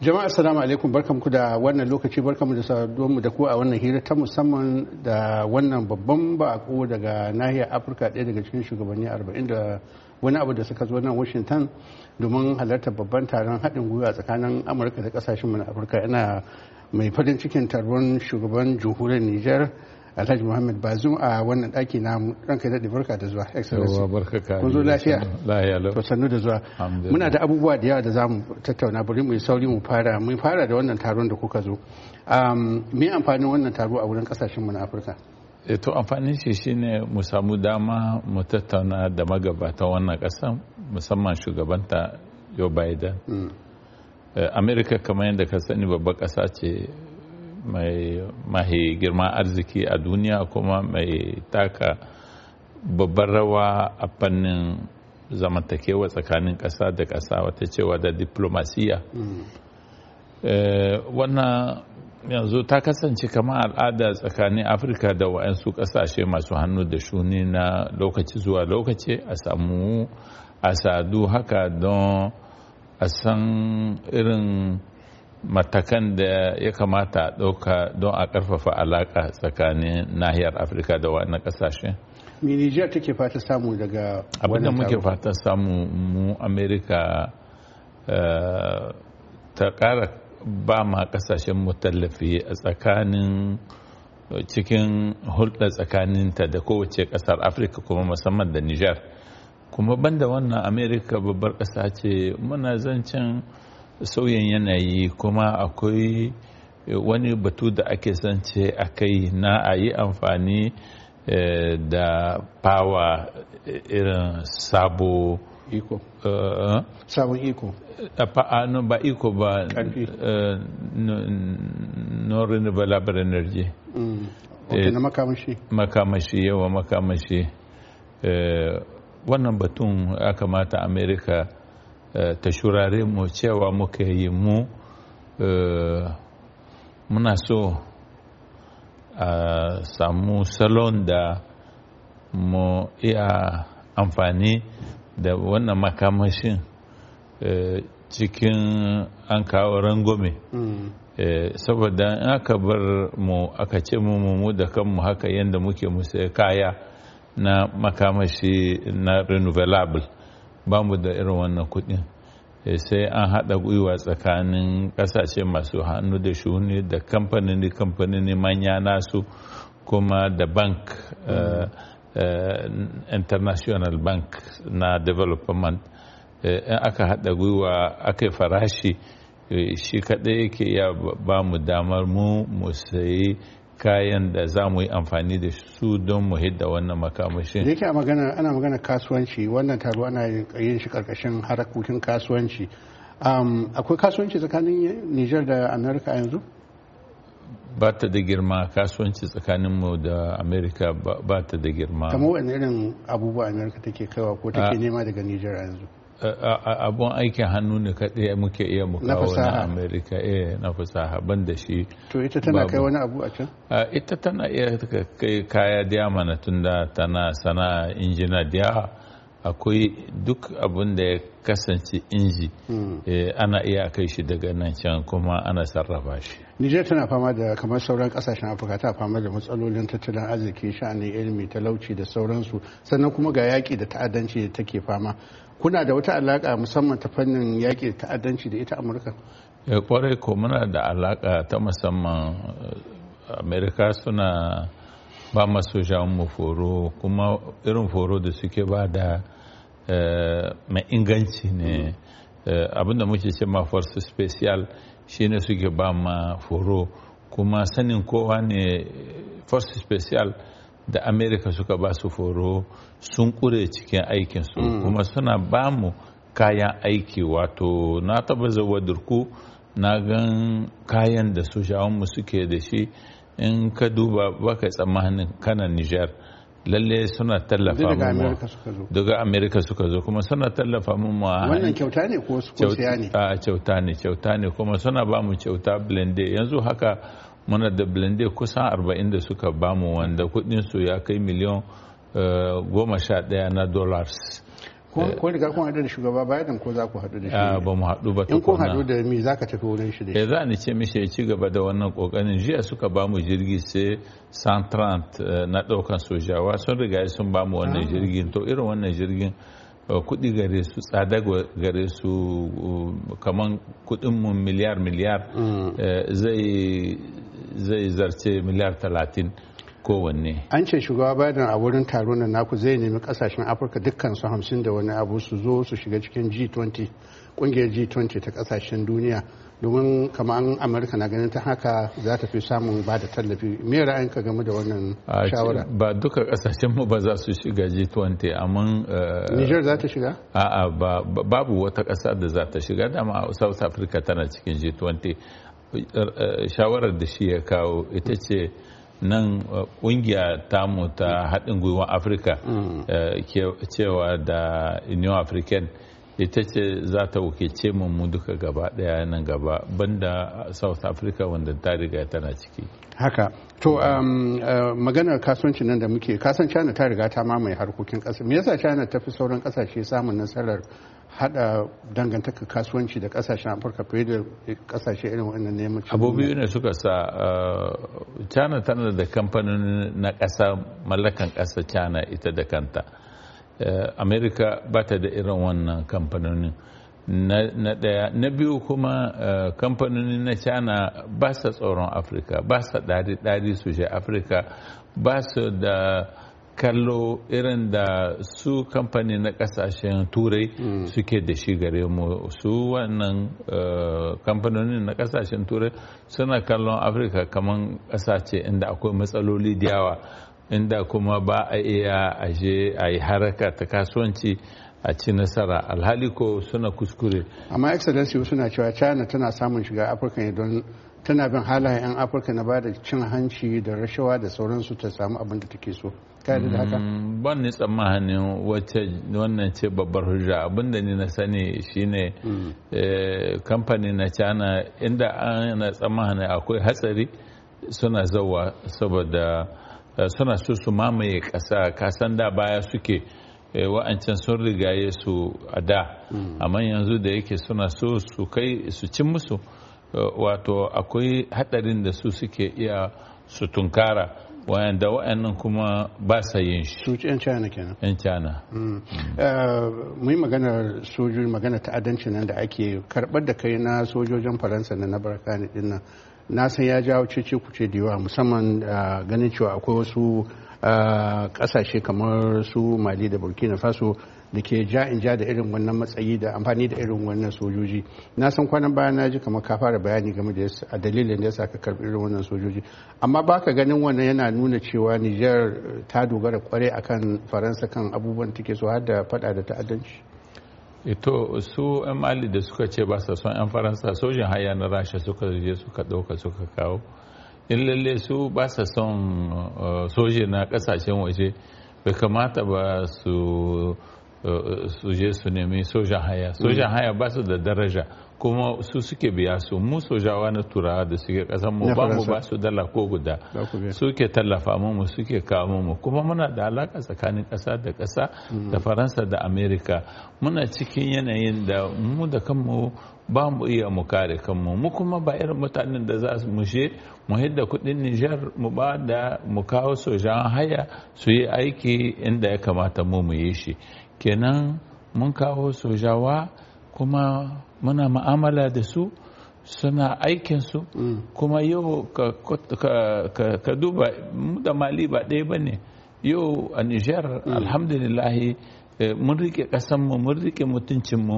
jama'a assalamu alaikum barkamku da wannan lokaci barkamu da mu da ku a wannan hira ta musamman da wannan babban bako daga nahiyar afirka ɗaya daga cikin shugabanni arba'in da wani abu da suka zo nan washington domin halartar babban taron haɗin gwiwa tsakanin amurka da ƙasashen na afirka yana mai farin cikin taron shugaban jamhuriyar niger Alhaji Muhammad Bazum a wannan daki na ranka daɗi barka da zuwa kun zo lafiya to sannu da zuwa muna da abubuwa da yawa da za mu tattauna bari mu yi sauri mu fara mu fara da wannan taron da kuka zo me amfanin wannan taro a wurin kasashen mu na Afirka eh, to amfanin shi ne mu samu dama mu tattauna da magabata wannan kasa musamman shugabanta Joe Biden mm. eh, Amerika kamar yadda ka sani babbar ƙasa ce mai mahi girma arziki a duniya kuma mai taka babbar rawa a fannin zamantakewa tsakanin ƙasa da ƙasa wata cewa da diplomasiya mm-hmm. eh, wannan yanzu ta kasance kama al'ada tsakanin afirka da wa'ansu ƙasashe masu hannu da shuni na lokaci zuwa lokaci a samu a sadu haka don a san irin matakan da ya kamata a ɗauka don a ƙarfafa alaƙa tsakanin nahiyar afirka da waɗannan ƙasashe me nijar take fata samu daga abin da muke fata samu mu amerika eh, ta ƙara ba ma ƙasashen mu tallafi a tsakanin cikin hulɗa tsakaninta da kowace ƙasar afirka kuma musamman da nijar kuma banda wannan amerika babbar ƙasa ce muna zancen sauyin yanayi kuma akwai eh, wani batu da ake sance a kai na a yi amfani eh, da power eh, irin sabo iko sabon iko ba iko ba non renewable energy mm. na makamashi makamashi yawa makamashi wannan batun ya kamata america Eh, ta mu cewa muka yi mu eh, muna so a samu salon da mu iya amfani da wannan makamashin eh, cikin an kawo rangome mm. saboda in aka bar mu aka ce mu mu da kanmu haka yadda muke musa kaya na makamashi na renewable Bamu da irin wannan kuɗi eh, sai an haɗa gwiwa tsakanin ƙasashe masu hannu da shuni da kamfanini kamfanini manya nasu kuma da bank eh, eh, international bank na development in aka haɗa gwiwa aka yi farashi shi kaɗai yake ya ba mu damar mu mu sayi kayan da za mu yi amfani da su don mu hidda wannan makamashin. Da yake ana magana kasuwanci wannan taro ana yin shi karkashin harakokin kasuwanci. Akwai kasuwanci tsakanin Nijar da Amerika yanzu? Ba ta da girma kasuwanci tsakanin mu da Amerika ba ta da girma. Kamar wani irin abubuwa Amerika take kaiwa ko take nema daga Nijar yanzu? abun aikin hannu ne kaɗai muke iya mukawo na amerika eh na fasaha ban da shi to ita tana kai wani abu a can ita tana iya kai kaya diya mana tunda tana sana'a injina diya akwai duk abin da ya kasance inji hmm. eh, ana iya kai shi daga nan can kuma ana sarrafa shi. Nijar tana fama da kamar sauran kasashen Afirka ta fama da matsalolin tattalin arziki sha'anin ilimi talauci da sauransu sannan kuma ga yaƙi da ta'addanci da take fama. Kuna da wata alaƙa musamman ta fannin yaƙi da ta'addanci da ita Amurka? Kwarai eh, ko muna da alaƙa ta musamman eh, Amerika suna ba masu mu foro kuma irin foro da suke ba da eh, mai inganci ne eh, abinda muke ce ma force special shine suke ba ma foro kuma sanin kowa ne force special da america suka ba su foro sun kure cikin aikinsu mm. kuma suna ba mu kayan aiki wato na taba zuwa durku na gan kayan da mu suke da shi in ka duba baka tsammanin kana nijar lalle suna tallafa mu daga amerika suka zo kuma suna tallafa mu ma wannan kyauta ne ko su siya ne a kyauta ne kyauta ne kuma suna ba mu kyauta blende yanzu haka muna da blende kusan 40 da suka ba mu wanda kudin su ya kai miliyan eh, goma sha daya na dollars ko eh. ga kun haɗu da shugaba Biden ko za ku haɗu da shi ah, ba mu haɗu ba in kun haɗu da mi za ka tafi wurin shi da eh, za ni ce mishi ya ci gaba da wannan kokarin jiya suka ba mu jirgi sai santrant eh, na ɗaukan sojawa sun riga sun ba mu wannan ah. jirgin to irin wannan jirgin kuɗi gare su tsada gare su um, kaman mu miliyar miliyar mm. zai zarce miliyar talatin kowanne an ce shugaba biden a wurin taro na naku zai nemi kasashen afirka dukkan su hamsin da wani abu su zo su shiga cikin g20 kungiyar g20 ta kasashen duniya domin kamar amurka na ganin ta haka za ta fi samun ba da tallafi me ka game da wannan shawara ba duka kasashen mu ba za su shiga g20 amma eh, niger za ta shiga a babu wata kasa da za ta shiga dama south africa tana cikin g20 eh, shawarar da shi ya kawo ita ce nan kungiya uh, tamu ta haɗin gwiwa afirka mm. uh, cewa da new african ita ce za ta wakilce mu mu duka gaba daya nan gaba banda south africa wanda ta riga tana ciki haka to um, uh, maganar kasuwanci nan da muke kasan china ta riga ta mamaye harkokin ƙasa me yasa china ta fi sauran ƙasashe samun nasarar hada dangantaka kasuwanci da kasashen afirka fiye da kasashe irin wannan neman abubuwa ne suka sa uh, china tana da kamfanin na kasa mallakan kasa china ita da kanta uh, america ba ta da irin wannan kamfanonin na daya na biyu kuma uh, kamfanoni na china ba sa tsoron afirka ba sa dari-dari su je afirka ba su da kallo irin da su kamfani na kasashen turai mm. suke da shi gare mu su wannan eh, kamfanonin na kasashen turai suna kallon afirka kamar ƙasa ce inda akwai matsaloli da yawa inda kuma ba a iya aje a yi haraka ta kasuwanci a ci nasara alhali ko suna kuskure amma excellency suna cewa china tana samun shiga afirka ne don tana bin halayen 'yan afirka na bada cin hanci da rashawa da sauransu ta samu abin da take so kare da haka mm, ban ni tsammanin wacce wannan ce babbar hujja abinda ni na sani shine mm. eh, kamfani na cana inda ana tsammanin akwai hatsari suna zauwa saboda eh, suna so su mamaye kasa kasan da baya suke eh, wa'ancan sun rigaye su a da mm. amma yanzu da yake suna so su kai su cin musu wato akwai hadarin da su suke iya su tunkara wayanda wayannan kuma ba sa yin shi su yan china kenan yan china mm. Mm. Eh, mu yi maganar sojoji magana ta'addanci nan da ake karbar da kai na sojojin faransa na na barkani din nan na san ya jawo cece kuce da yawa musamman eh, ganin cewa akwai wasu kasashe eh, kamar su mali da burkina faso da ke ja in ja da irin wannan matsayi da amfani da irin wannan sojoji na san kwanan baya na ji kamar ka fara bayani game da a dalilin da ya saka ka karbi irin wannan sojoji amma baka ganin wannan yana nuna cewa Nijar ta dogara kwarai akan Faransa kan abubuwan take so har da fada da ta'addanci ito eh su 'yan mali da suka ce ba sa son 'yan faransa sojin haya na rasha suka je suka dauka suka kawo in lalle su ba sa son eh, soje na kasashen waje bai kamata ba su su je su nemi sojan haya sojan mm. haya ba su da daraja kuma su suke biya su mu sojawa na turawa da suke kasan mu ba mu ba su dala ko guda suke tallafa mu suke kawo mu kuma muna da alaka tsakanin kasa da kasa mm. da faransa da amerika muna cikin yanayin da mu da kanmu ba mu iya mu kare kanmu mu kuma ba irin mutanen da za mu mushe mu hidda kudin Nijar mu ba da mu kawo sojan haya su yi aiki inda ya kamata mu mu yi shi kenan mun kawo sojawa kuma muna ma'amala da su suna aikinsu mm. kuma yau ka duba da mali ba ɗaya ba ne yau a niger mm. alhamdulillahi eh, mun rike ƙasanmu mun rike mutuncinmu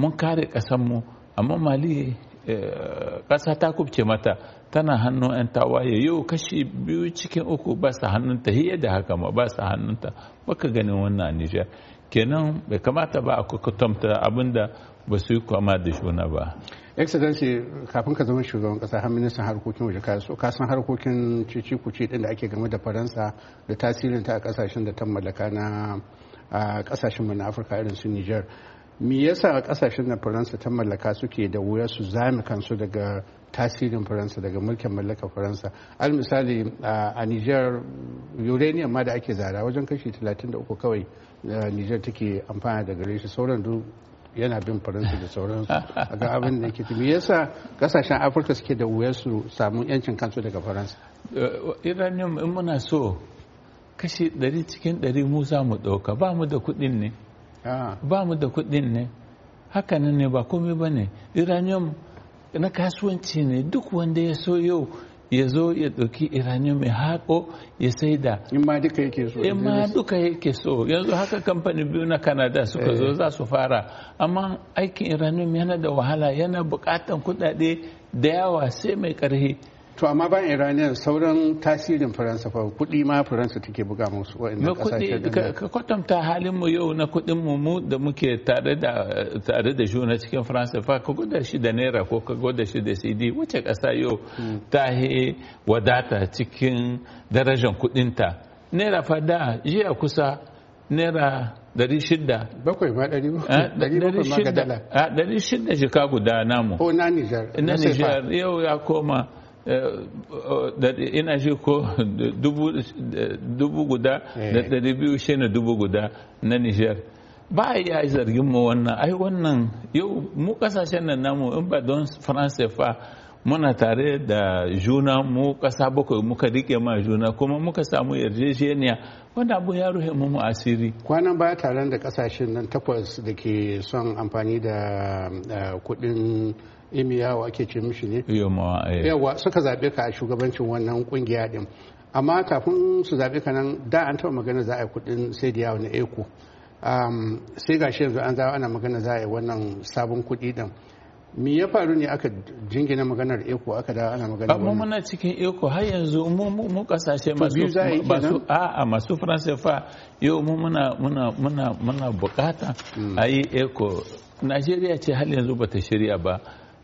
mun kare ƙasanmu amma mali eh, ƙasa ta kubce mata tana hannu 'yan tawaye yau kashi biyu cikin uku ba su hannunta hiye da haka ma ba su hannunta baka ganin wannan a niger. kenan bai kamata ba a kwatamta abinda ba su yi kwama da shuna ba excellency kafin ka zama shugaban kasa har ministan harkokin waje ka so kasan harkokin cici kuce din da ake game da faransa da tasirin ta a kasashen da ta mallaka na kasashen mu na afirka irin su niger me yasa kasashen da faransa ta mallaka suke da wuya su zame kansu daga tasirin faransa daga mulkin mallaka faransa al misali a niger uranium ma da ake zara wajen kashi 33 kawai niger take amfana da gare shi sauran duk yana bin faransa da sauransu ga abin da ke me yasa kasashen afirka suke da wuya su samu yancin kansu daga faransa eh, uranium in muna so kashi 100 cikin 100 mu za mu dauka ba mu da kudin ne Ah. ba mu da kuɗin ne hakanan ne ba komai ba ne iranium na kasuwanci ne duk wanda ya so yau ya zo ya ɗauki iranium ya haƙo ya sai da in ma duka yake so so yanzu haka kamfani biyu na kanada suka zo eh. za su fara amma aikin iranium yana da wahala yana buƙatan kuɗaɗe da yawa sai mai ƙarfi to amma ban iranian sauran tasirin faransa fa kudi ma faransa take buga musu wa'annan kasashe ka kwatanta halin mu yau na kudin mu mu da muke tare da tare da juna cikin faransa fa ka gwada shi da naira ko ka gwada shi da cd wace kasa yau hmm. ta he wadata cikin darajar ta. naira fa da jiya kusa naira dari shida bakwai ma dari ah, bakwai ma ga dala dari ah, shida jika guda namu ko oh, na nijar na nijar yau ya koma Eh, eh, ina shi ko dubu guda da ɗari eh. biyu shi na dubu guda na Nijar. Ba a iya zargin mu wannan, ai wannan yau mu kasashen nan namu in ba don France fa muna tare da juna mu ƙasa bakwai muka rike ma juna kuma muka samu yarjejeniya wanda abu ya ruhe mu asiri. Kwanan baya taron da kasashen nan takwas da ke son amfani da kuɗin yawa ake ce mishi ne eh. yawa suka zaɓe ka a shugabancin wannan kungiya din amma kafin su zaɓe ka nan da an taɓa magana za a yi kuɗin sai da yawa na eko sai ga shi yanzu an zawo ana magana za a yi wannan sabon kuɗi din me ya faru ne aka jingina maganar eko aka dawo ana magana ba muna cikin eko har yanzu mu kasashe masu masu a masu faransa fa yau mu muna muna muna muna bukata mm. a yi eko Najeriya ce har yanzu bata shirya ba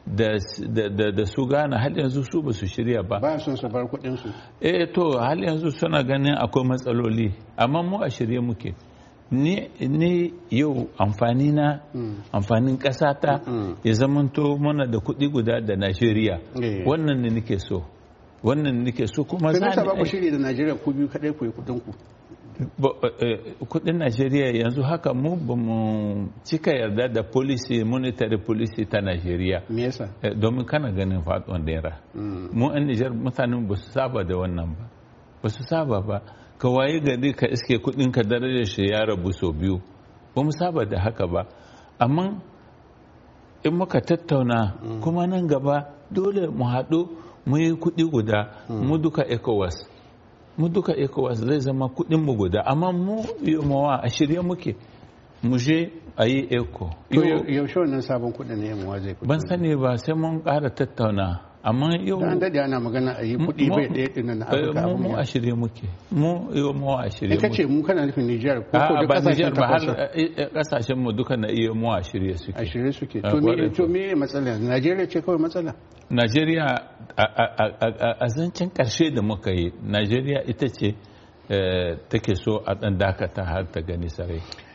da su gane har yanzu su ba su shirya ba ba su bar kudin su eh to har yanzu suna ganin akwai matsaloli amma mu a shirye muke ni yau amfani na mm. amfanin ƙasa ta mm. ya zamanto mana da kuɗi guda da najeriya eh. wannan ne nake so wannan nake so kuma za ba ku shirya da najeriya ku biyu kaɗai ku yi kuɗin ku Eh, eh, kudin najeriya yanzu haka mu ba mu cika yarda da policy monetary policy ta najeriya me yasa eh, domin kana ganin faduwan naira mm. mu an nijar mutanen ba su saba da wannan ba ba su saba ba ka waye gari ka iske kudin ka darajar shi ya rabu sau biyu ba mu saba da haka ba amma in muka tattauna mm. kuma nan gaba dole mu haɗu mu yi kuɗi guda mm. mu duka ecowas mu duka ecowas zai zama kudin mu guda amma mu mawa a shirye muke mu je a yi eco yaushe wannan sabon kudin ne yamuwa zai ban sani ba sai mun kara tattauna amma yau an dade ana magana a yi kudi bai daya ɗin na afirka eh, abin mu a shirye muke mu yau mu a shirye muke kace mu kana nufin Nijar ko ko da kasashen ba har kasashen eh, eh, mu duka na iya mu a shirye suke a shirye suke to me to me matsala Najeriya ce kawai matsala Najeriya a zancen karshe da muka yi Najeriya ita ce take so a dan dakata har ta gani sarai